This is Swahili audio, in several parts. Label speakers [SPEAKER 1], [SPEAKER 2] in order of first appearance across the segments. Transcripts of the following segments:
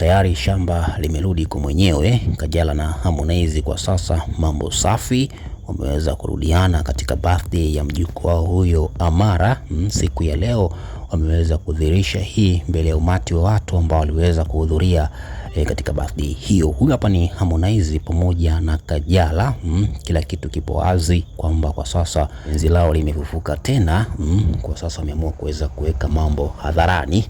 [SPEAKER 1] tayari shamba limerudi kwa mwenyewe. Kajala na Harmonize kwa sasa mambo safi, wameweza kurudiana katika birthday ya mjukuu wao huyo Amara hmm, siku ya leo. Wameweza kudhihirisha hii mbele ya umati wa watu ambao waliweza kuhudhuria e, katika birthday hiyo. Huyu hapa ni Harmonize pamoja na Kajala mm, kila kitu kipo wazi kwamba kwa sasa penzi lao limefufuka tena mm, kwa sasa wameamua kuweza kuweka mambo hadharani.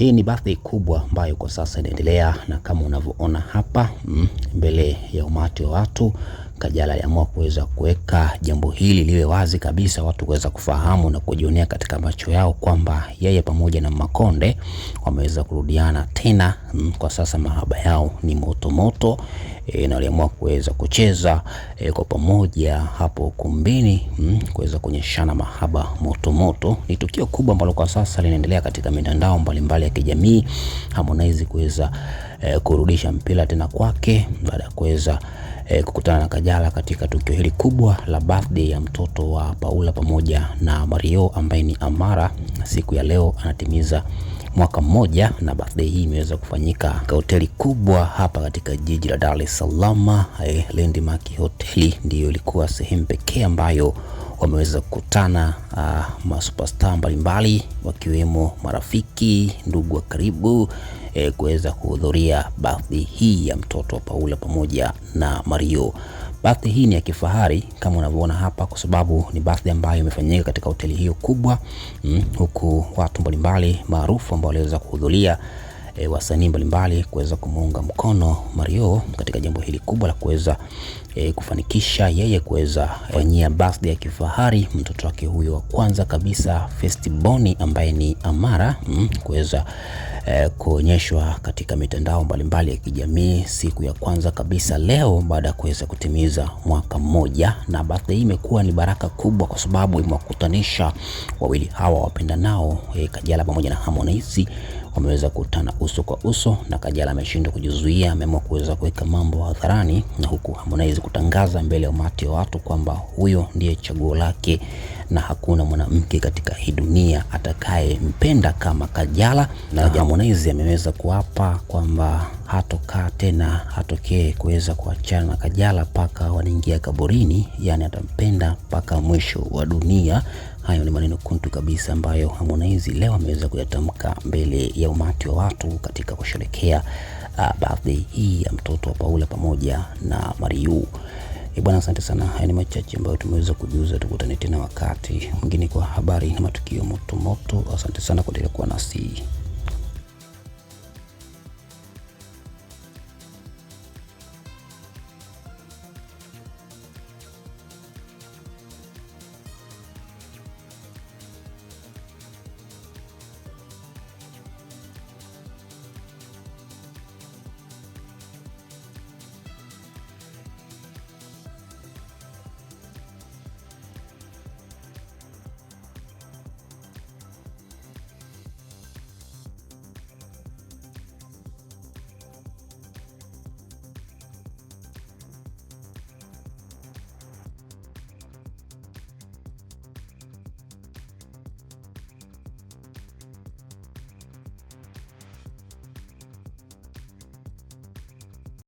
[SPEAKER 1] Hii ni birthday kubwa ambayo kwa sasa inaendelea, na kama unavyoona hapa mm, mbele ya umati wa watu Kajala aliamua kuweza kuweka jambo hili liwe wazi kabisa, watu kuweza kufahamu na kujionea katika macho yao kwamba yeye pamoja na Makonde wameweza kurudiana tena. Mm, kwa sasa mahaba yao ni moto moto e, na waliamua kuweza kucheza e, kwa pamoja hapo ukumbini mm, kuweza kuonyeshana mahaba moto moto. Ni tukio kubwa ambalo kwa sasa linaendelea katika mitandao mbalimbali ya kijamii, Harmonize kuweza e, kurudisha mpira tena kwake baada ya kuweza e, kukutana na Kajala katika tukio hili kubwa la birthday ya mtoto wa Paula pamoja na Mario ambaye ni Amara. Siku ya leo anatimiza mwaka mmoja, na birthday hii imeweza kufanyika katika hoteli kubwa hapa katika jiji la Dar es Salaam. E, Landmark hoteli ndiyo ilikuwa sehemu pekee ambayo wameweza kukutana uh, ah, masuperstar mbalimbali wakiwemo marafiki, ndugu wa karibu e, kuweza kuhudhuria birthday hii ya mtoto wa Paula pamoja na Mario. Birthday hii ni ya kifahari kama unavyoona hapa, kwa sababu ni birthday ambayo imefanyika katika hoteli hiyo kubwa mm, huku watu mbalimbali maarufu ambao waliweza kuhudhuria E, wasanii mbalimbali kuweza kumuunga mkono Mario katika jambo hili kubwa la kuweza e, kufanikisha yeye kuweza fanyia birthday ya kifahari mtoto wake huyo wa kwanza kabisa firstborn ambaye ni Amara mm, kuweza eh, kuonyeshwa katika mitandao mbalimbali ya kijamii siku ya kwanza kabisa leo baada ya kuweza kutimiza mwaka mmoja, na birthday hii imekuwa ni baraka kubwa kwa sababu imewakutanisha wawili hawa nao eh, Kajala pamoja na Harmonize wameweza kukutana uso kwa uso, na Kajala ameshindwa kujizuia, ameamua kuweza kuweka mambo hadharani, na huku Harmonize kutangaza mbele ya umati wa watu kwamba huyo ndiye chaguo lake na hakuna mwanamke katika hii dunia atakayempenda kama Kajala na Harmonize ameweza kuapa kwamba hatokaa tena, hatokee kuweza kuachana na Kajala mpaka wanaingia kaburini, yani atampenda mpaka mwisho wa dunia. Hayo ni maneno kuntu kabisa ambayo Harmonize leo ameweza kuyatamka mbele ya umati wa watu katika kusherekea uh, birthday hii ya mtoto wa Paula pamoja na Mariu. E bwana, asante sana. Haya ni machache ambayo tumeweza kujuza. Tukutane tena wakati mwingine kwa habari na matukio motomoto. Asante sana kuendelea kuwa nasi.